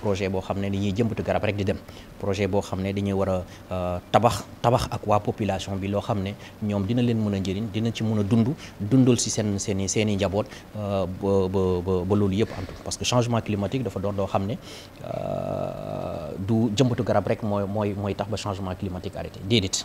projet boo xam ne dañuy jëmbatu garab rek di dem projet boo xam ne dañuy war a eh, tabax tabax ak waa population bi loo xam ne dina leen mën a dina ci mën a dund dundal si seen seen seen i njaboot ba eh, ba ba ba loolu yëpp en tout parce que changement climatique dafa doon loo xam eh, du jëmbatu garab rek mooy mooy mooy tax ba changement climatique arrêté déedéet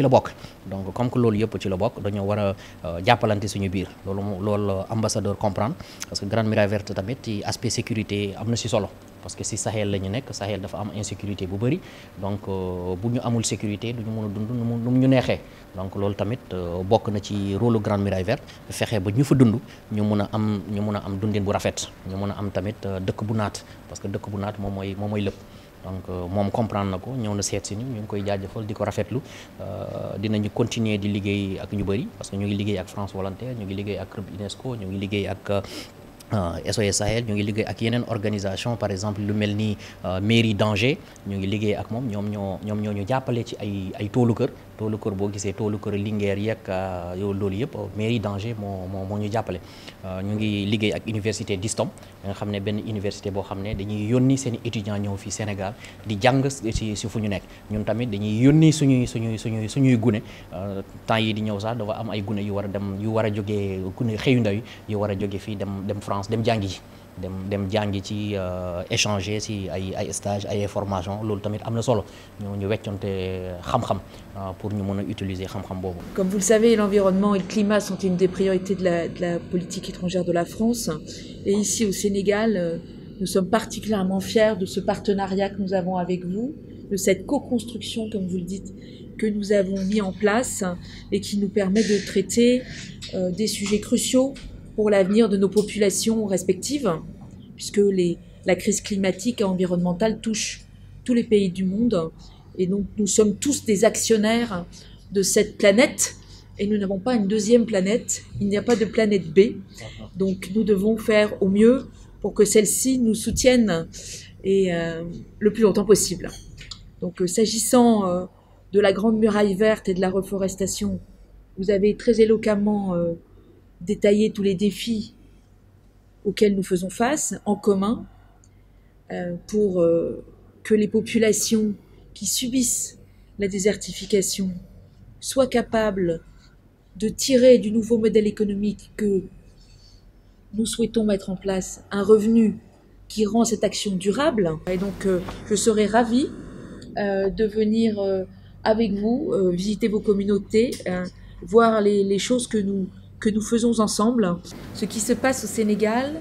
ci la bok donc comme que loolu yëpp ci la bok dañu wara a euh, suñu biir loolu loolu ambassadeur comprendre parce que Grande Muraille Verte tamit ci aspect sécurité amna ci solo parce que si Sahel lañu nek Sahel dafa am insécurité bu bari donc euh, buñu amul sécurité duñu mëna dund num ñu nexé donc loolu tamit euh, bok na ci rôle Grande Muraille Verte fexé ba ñu fa dund ñu mëna am ñu mëna am dundin bu rafet ñu mëna am tamit dëkk bu naat parce que dëkk bu naat moom mooy moom donc euh, me comprendre que nous avons na euh, continuer à parce que nous ngi avec France Volontaire nous, ngi avec club UNESCO nous, euh, SOS Sahel nous, organisation par exemple le mairie d'Angers nous, ngi avec nous, nous, nous nous, toolu kër boo gisee toolu kër Linguère yeeg euh, yow loolu yëpp euh, mairie d'Angers moo moo moo ñu jàppale euh, ñu ngi liggéey ak université d'Istom nga xam ne benn université boo xam ne dañuy yónni seen étudiants ñëw fii Sénégal di jàng ci ci fu ñu nekk ñun tamit dañuy yónni suñuy suñuy suñuy suñuy gune temps yi di ñëw sax dafa am ay gune yu war a dem yu war a jógee gune xëyu ndaw yi yu war a jóge fii dem dem France dem jàngi yi dem euh, échanger ay stage ay formation tamit euh, pour utiliser Comme vous le savez, l'environnement et le climat sont une des priorités de la, de la politique étrangère de la France. Et ici au Sénégal, euh, nous sommes particulièrement fiers de ce partenariat que nous avons avec vous, de cette co-construction, comme vous le dites, que nous avons mis en place et qui nous permet de traiter des sujets cruciaux pour l'avenir de nos populations respectives, puisque les, la crise climatique et environnementale touche tous les pays du monde. Et donc nous sommes tous des actionnaires de cette planète et nous n'avons pas une deuxième planète. Il n'y a pas de planète B. Donc nous devons faire au mieux pour que celle-ci nous soutienne et, euh, le plus longtemps possible. Donc euh, s'agissant euh, de la Grande Muraille Verte et de la reforestation, vous avez très éloquemment détailler tous les défis auxquels nous faisons face en commun euh, pour euh, que les populations qui subissent la désertification soient capables de tirer du nouveau modèle économique que nous souhaitons mettre en place un revenu qui rend cette action durable. Et donc, euh, je serais ravie de venir avec vous visiter vos communautés, voir les choses que nous, que nous faisons ensemble. Ce qui se passe au Sénégal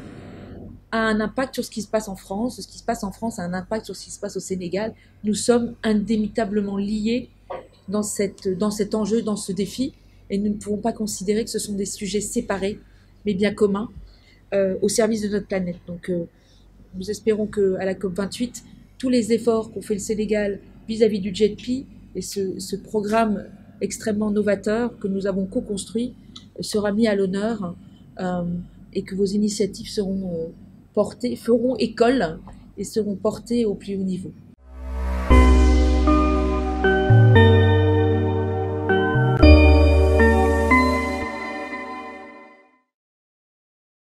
a un impact sur ce qui se passe en France, ce qui se passe en France a un impact sur ce qui se passe au Sénégal. Nous sommes indémitablement liés dans, cette, dans cet enjeu, dans ce défi, et nous ne pouvons pas considérer que ce sont des sujets séparés, mais bien communs, euh, au service de notre planète. Donc euh, nous espérons qu'à la COP28, tous les efforts qu'ont fait le Sénégal vis-à-vis du JETPI et ce, ce programme extrêmement novateur que nous avons co-construit, sera mis à l'honneur euh, et que vos initiatives seront euh, portées, feront école et seront portées au plus haut niveau.